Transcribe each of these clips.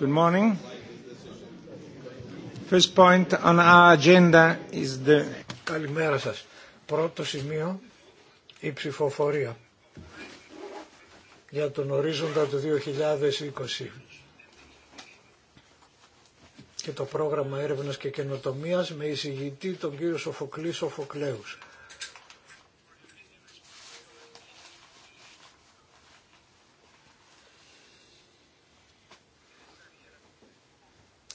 Good morning. First point agenda is the... Καλημέρα σας. Πρώτο σημείο η ψηφοφορία για τον ορίζοντα του 2020 και το πρόγραμμα έρευνας και καινοτομίας με εισηγητή τον κύριο Σοφοκλή Σοφοκλέους.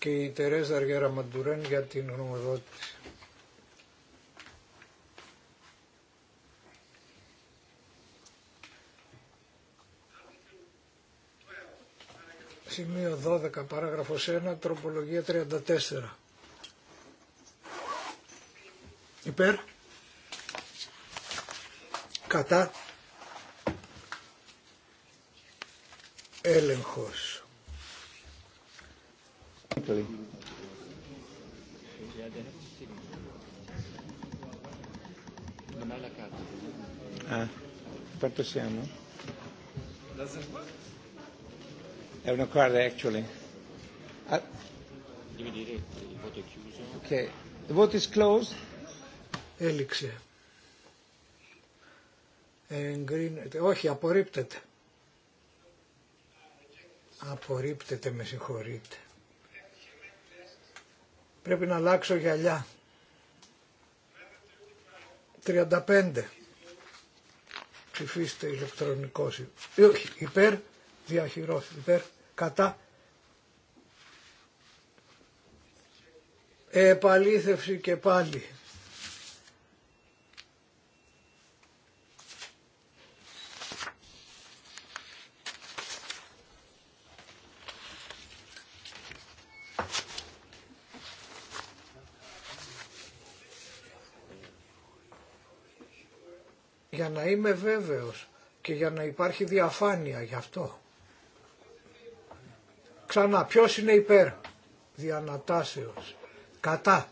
και η Τερέζα Αργέρα Μαντουρέν για την γνωμοδότηση. Σημείο 12, παράγραφος 1, τροπολογία 34. Υπέρ. Κατά. Έλεγχος actually. actually. the vote is closed. Έληξε. Εγκρίνεται. Όχι, απορρίπτεται. Απορρίπτεται, με συγχωρείτε. Πρέπει να αλλάξω γυαλιά. 35. Ψηφίστε ηλεκτρονικός. Όχι, υπέρ, διαχειρός, υπέρ, κατά. Επαλήθευση και πάλι. για να είμαι βέβαιος και για να υπάρχει διαφάνεια γι' αυτό. Ξανά, ποιος είναι υπέρ διανατάσεως, κατά.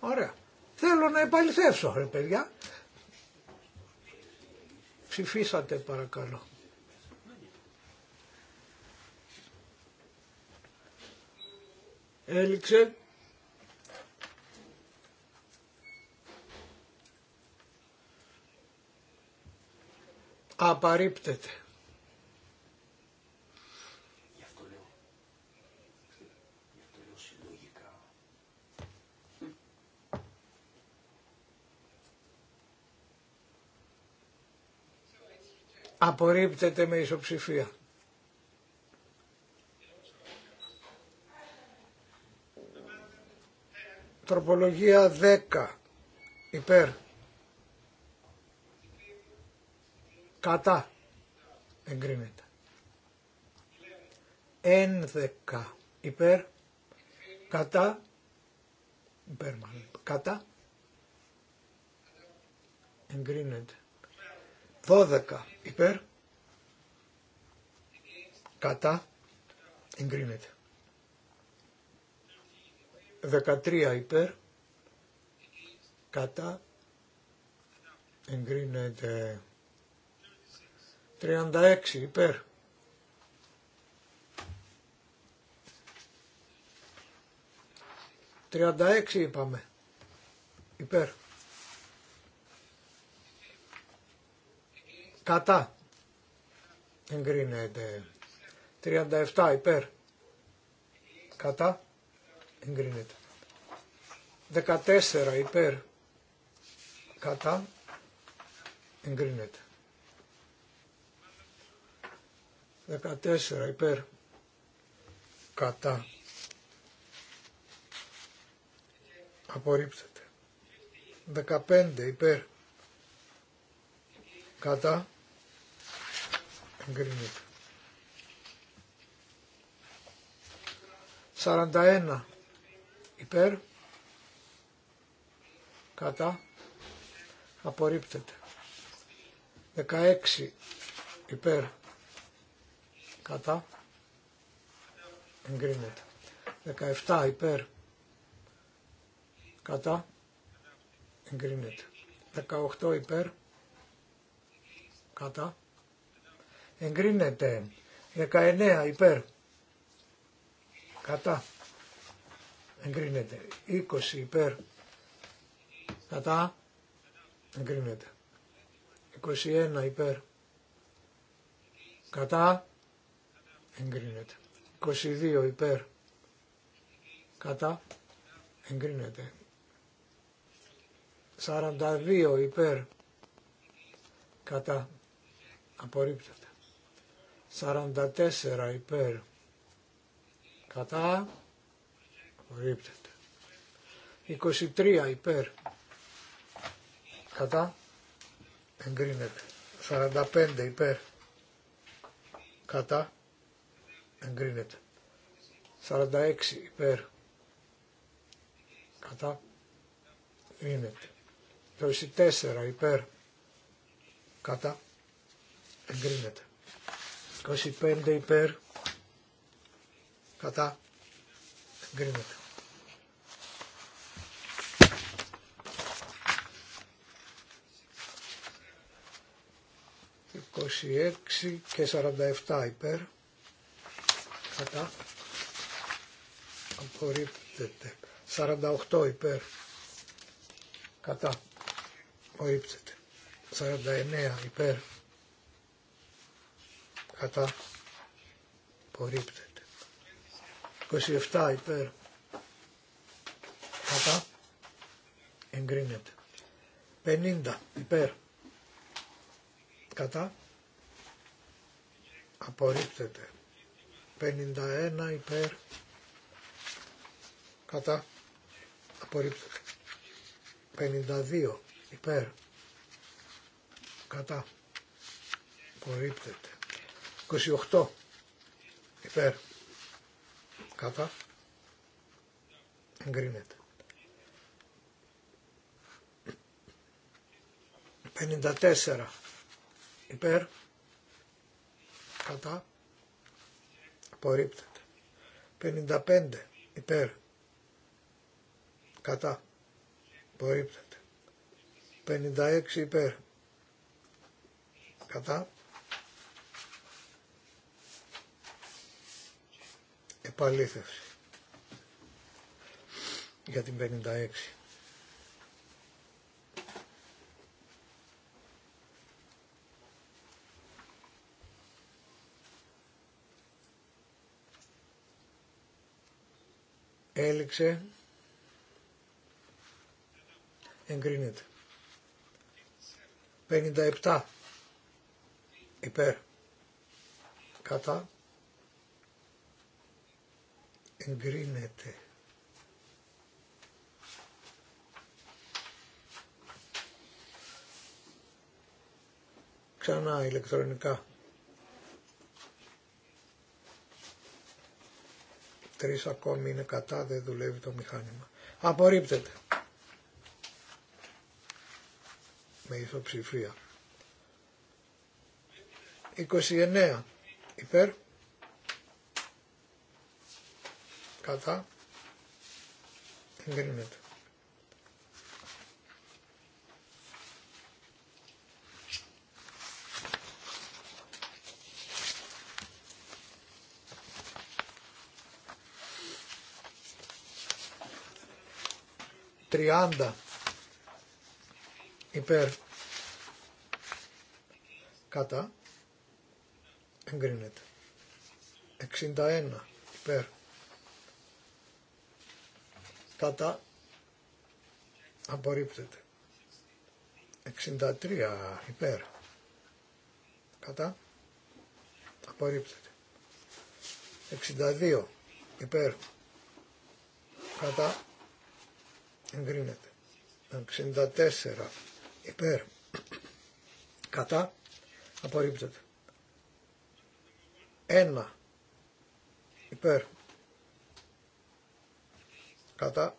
Ωραία. Θέλω να επαληθεύσω, ρε παιδιά. Ψηφίσατε παρακαλώ. Έληξε. Απαρρίπτεται. Απορρίπτεται με ισοψηφία. Τροπολογία 10. Υπέρ. Κατά. Εγκρίνεται. 11 υπέρ. Κατά. Υπέρ μάλλον. Κατά. Εγκρίνεται. 12 υπέρ. Κατά. Εγκρίνεται. 13 υπέρ. Κατά. Εγκρίνεται. 36 υπέρ. Τριάντα έξι είπαμε. Υπέρ. Κατά. Εγκρίνεται. 37 υπέρ. Κατά. Εγκρίνεται. Δεκατέσσερα υπέρ. Κατά. Εγκρίνεται. 14 υπέρ κατά απορρίπτεται 15 υπέρ κατά εγκρίνεται 41 υπέρ κατά απορρίπτεται 16 υπέρ κατά εγκρίνεται 17 υπέρ κατά εγκρίνεται 18 υπέρ κατά εγκρίνεται 19 υπέρ κατά εγκρίνεται 20 υπέρ κατά εγκρίνεται 21 υπέρ κατά εγκρίνεται. 22 υπέρ κατά εγκρίνεται. 42 υπέρ κατά απορρίπτεται. 44 υπέρ κατά απορρίπτεται. 23 υπέρ κατά εγκρίνεται. 45 υπέρ κατά εγκρίνεται. 46 υπέρ κατά εγκρίνεται. 24 υπέρ κατά εγκρίνεται. 25 υπέρ κατά εγκρίνεται. και 47 υπέρ κατά απορρίπτεται 48 υπέρ κατά απορρίπτεται 49 υπέρ κατά απορρίπτεται 27 υπέρ κατά εγκρίνεται 50 υπέρ κατά απορρίπτεται 51 υπέρ κατά απορρίπτεται 52 υπέρ κατά απορρίπτεται 28 υπέρ κατά εγκρίνεται 54 υπέρ κατά απορρίπτεται. 55 υπέρ κατά απορρίπτεται. 56 υπέρ κατά επαλήθευση για την 56. Έληξε. Εγκρίνεται. 57 υπέρ κατά εγκρίνεται. Ξανά ηλεκτρονικά. Τρεις ακόμη είναι κατά, δεν δουλεύει το μηχάνημα. Απορρίπτεται. Με ισοψηφία. 29 υπέρ. Κατά. Εγκρίνεται. 30 υπέρ κατά εγκρίνεται 61 υπέρ κατά απορρίπτεται 63 υπέρ κατά απορρίπτεται 62 υπέρ κατά εγκρίνεται. 64 υπέρ κατά απορρίπτεται. Ένα υπέρ κατά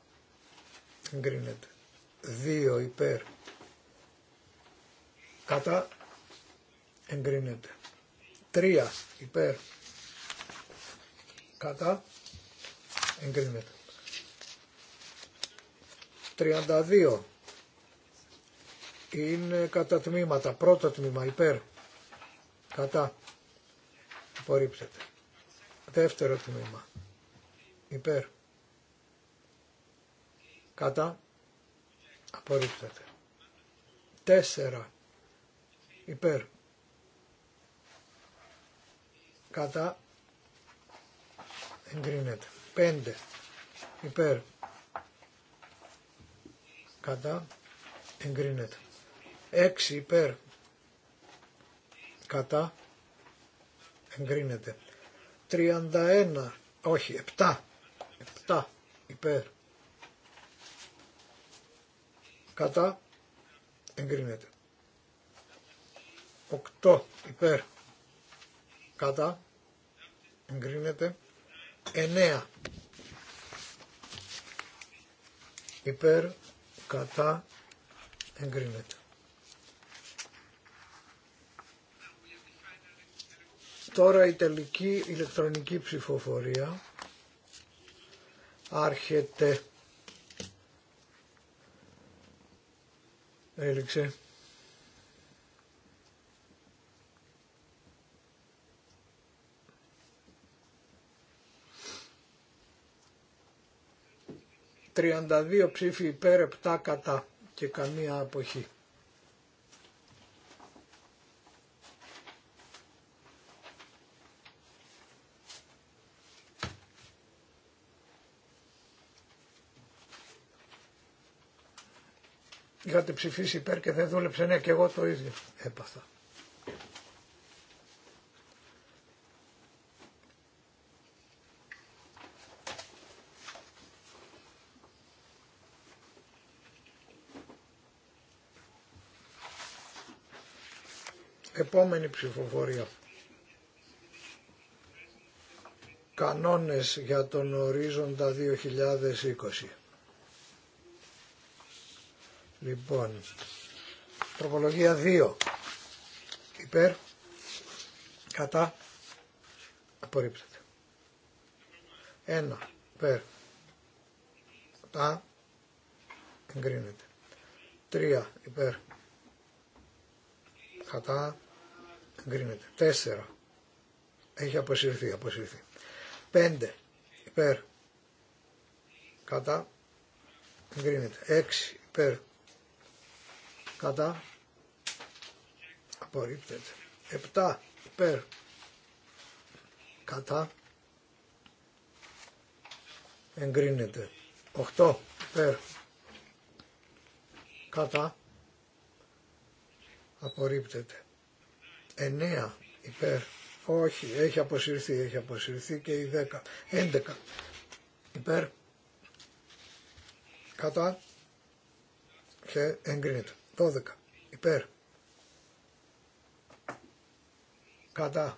εγκρίνεται. 2 υπέρ κατά εγκρίνεται. Τρία υπέρ κατά εγκρίνεται. 32 είναι κατά τμήματα. Πρώτο τμήμα υπέρ. Κατά. Απορρίπτεται. Δεύτερο τμήμα. Υπέρ. Κατά. Απορρίπτεται. Τέσσερα. Υπέρ. Κατά. Εγκρίνεται. Πέντε. Υπέρ κατά εγκρίνεται. 6 υπέρ κατά εγκρίνεται. 31, όχι 7, 7 υπέρ κατά εγκρίνεται. 8 υπέρ κατά εγκρίνεται. 9 υπέρ κατά εγκρίνεται. Τώρα η τελική ηλεκτρονική ψηφοφορία άρχεται. Έληξε. 32 ψήφοι υπέρ 7 κατά και καμία αποχή. Είχατε ψηφίσει υπέρ και δεν δούλεψε, ναι και εγώ το ίδιο έπαθα. Επόμενη ψηφοφορία. Κανόνες για τον ορίζοντα 2020. Λοιπόν, τροπολογία 2. Υπέρ, κατά, απορρίπτεται. 1. Υπέρ, κατά, εγκρίνεται. 3. Υπέρ, κατά, εγκρίνεται. 4 έχει αποσυρθεί, αποσυρθεί. 5 υπέρ κατά εγκρίνεται. 6 υπέρ κατά απορρίπτεται. 7 υπέρ κατά εγκρίνεται. 8 υπέρ κατά απορρίπτεται. 9 υπέρ. Όχι, έχει αποσυρθεί, έχει αποσυρθεί και η 10. 11 υπέρ. Κατά. Και εγκρίνεται. 12 υπέρ. Κατά.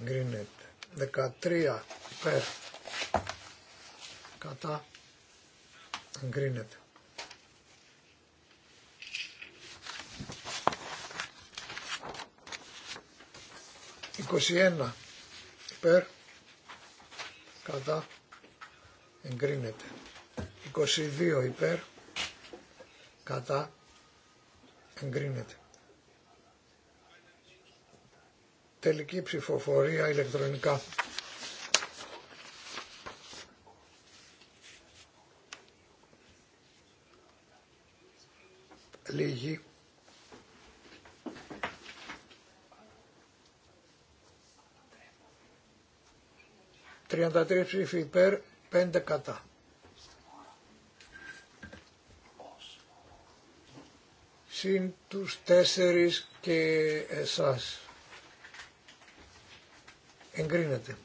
Εγκρίνεται. 13 υπέρ. Κατά. Εγκρίνεται. 21 υπέρ κατά εγκρίνεται 22 υπέρ κατά εγκρίνεται τελική ψηφοφορία ηλεκτρονικά 33 ψήφοι υπέρ, 5 κατά. Συν τους 4 και εσάς. Εγκρίνεται.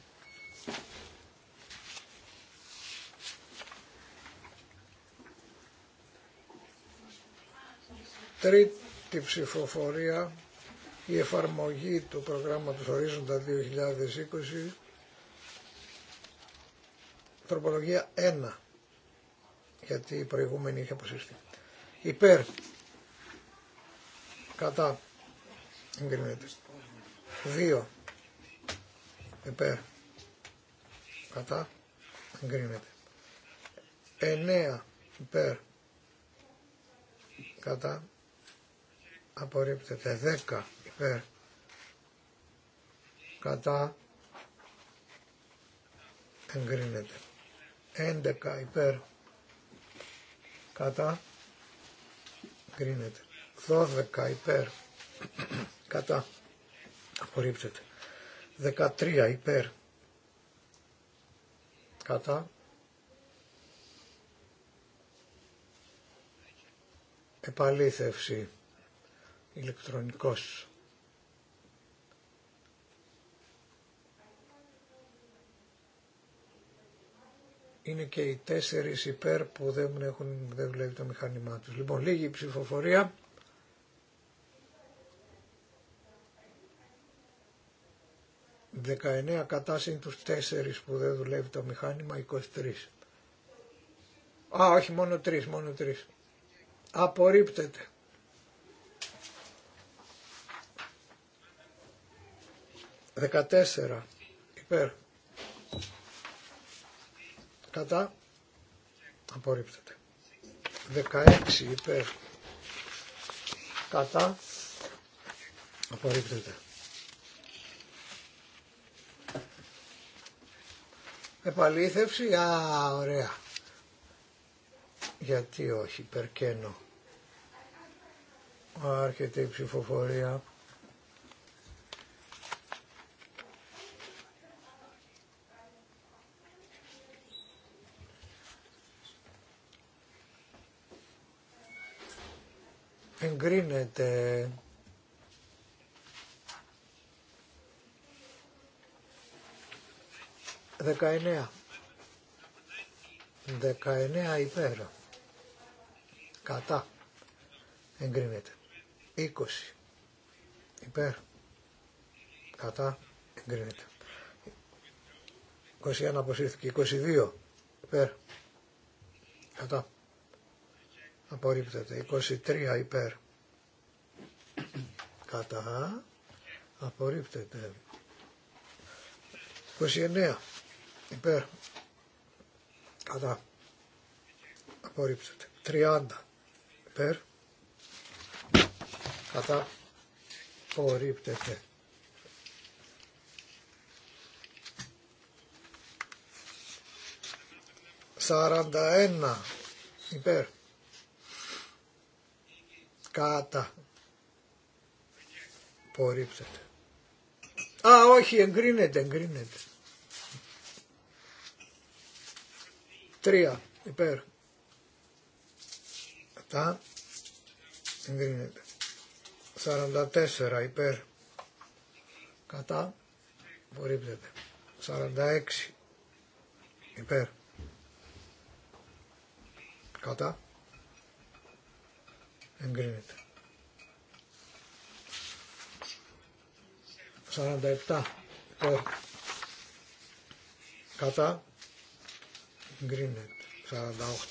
Τρίτη ψηφοφορία, η εφαρμογή του προγράμματος Ορίζοντα 2020 τροπολογία 1 γιατί η προηγούμενη είχε αποσυρθεί. Υπέρ κατά εγκρίνεται. 2 υπέρ κατά εγκρίνεται. 9 υπέρ κατά απορρίπτεται. 10 υπέρ κατά εγκρίνεται. 11 υπέρ κατά γκρίνεται 12 υπέρ κατά απορρίπτεται 13 υπέρ κατά επαλήθευση ηλεκτρονικός είναι και οι τέσσερις υπέρ που δεν, έχουν, δεν δουλεύει το μηχάνημά τους. Λοιπόν, λίγη ψηφοφορία. Δεκαεννέα κατά συν τους τέσσερις που δεν δουλεύει το μηχάνημα, 23. Α, όχι, μόνο τρεις, μόνο τρεις. Απορρίπτεται. Δεκατέσσερα υπέρ κατά απορρίπτεται 16 υπέρ κατά απορρίπτεται επαλήθευση α ωραία γιατί όχι περκένω άρχεται η ψηφοφορία εγκρίνεται. 19 Δεκαεννέα υπέρ. Κατά. Εγκρίνεται. Είκοσι. Υπέρ. Κατά. Εγκρίνεται. 21 αποσύρθηκε. 22 υπέρ. Κατά. Απορρίπτεται. 23 υπέρ κατά απορρίπτεται 29 υπέρ κατά απορρίπτεται 30 υπέρ κατά απορρίπτεται Σαράντα ένα υπέρ κατά Απορρίπτεται. Α, όχι, εγκρίνεται, εγκρίνεται. Τρία, υπέρ. Κατά, εγκρίνεται. 44 υπέρ. Κατά, απορρίπτεται. 46 υπέρ. Κατά, εγκρίνεται. 47 ε, υπέρ κατά εγκρίνεται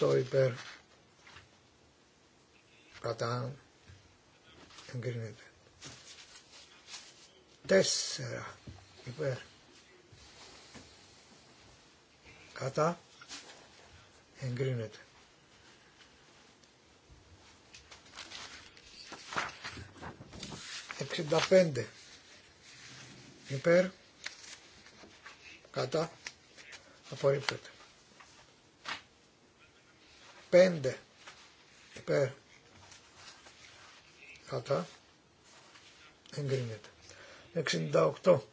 48 υπέρ κατά εγκρίνεται 4 υπέρ κατά εγκρίνεται εξήντα πέντε Υπέρ. Κατά. Απορρίπτεται. 5. Υπέρ. Κατά. Εγκρίνεται. 68.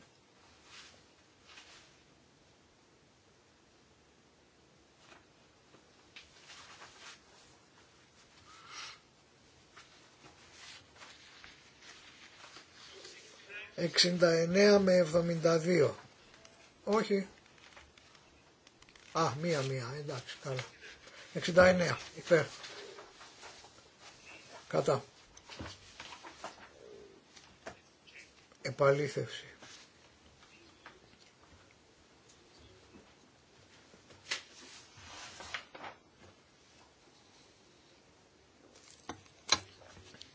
69 με 72. Όχι. Α, μία-μία, εντάξει, καλά. 69, υπέρ. Κατά. Επαλήθευση.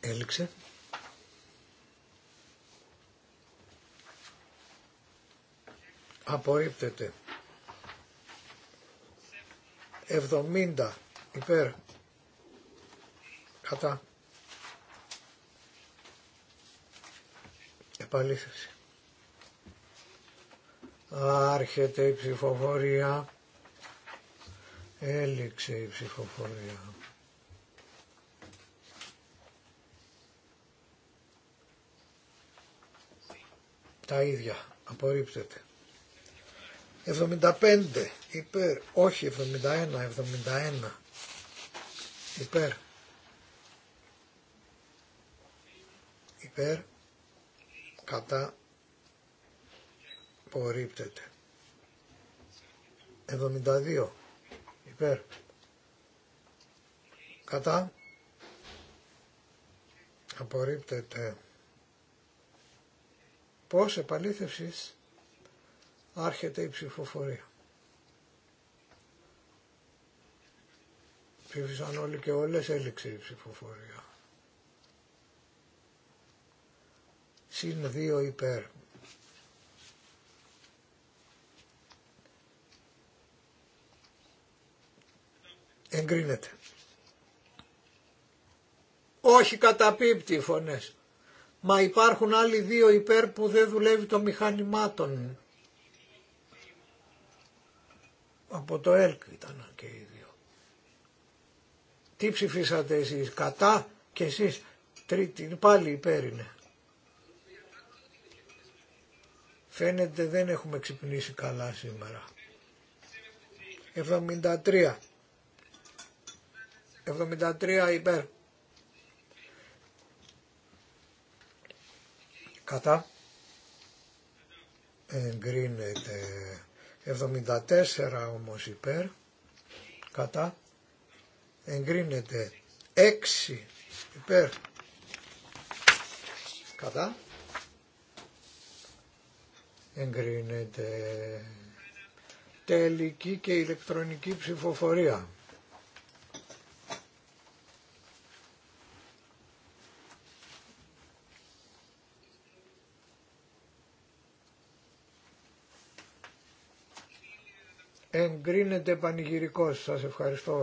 Έληξε. απορρίπτεται 70 υπέρ κατά επαλήθευση άρχεται η ψηφοφορία έληξε η ψηφοφορία τα ίδια απορρίπτεται 75 υπέρ, όχι 71, 71 υπέρ. Υπέρ, κατά, απορρίπτεται. 72 υπέρ, κατά, απορρίπτεται. Πώς επαλήθευσης Άρχεται η ψηφοφορία. Ψήφισαν όλοι και όλες, έληξε η ψηφοφορία. Συν δύο υπέρ. Εγκρίνεται. Όχι καταπίπτει οι φωνές. Μα υπάρχουν άλλοι δύο υπέρ που δεν δουλεύει το μηχανημάτων. των. Από το ΕΛΚ ήταν και οι δύο. Τι ψηφίσατε εσείς κατά και εσείς τρίτη πάλι υπέρ είναι. Φαίνεται δεν έχουμε ξυπνήσει καλά σήμερα. 73. 73 υπέρ. Κατά. Εγκρίνεται. 74 όμως υπέρ, κατά, εγκρίνεται 6 υπέρ, κατά, εγκρίνεται τελική και ηλεκτρονική ψηφοφορία. εγκρίνεται πανηγυρικός. Σας ευχαριστώ.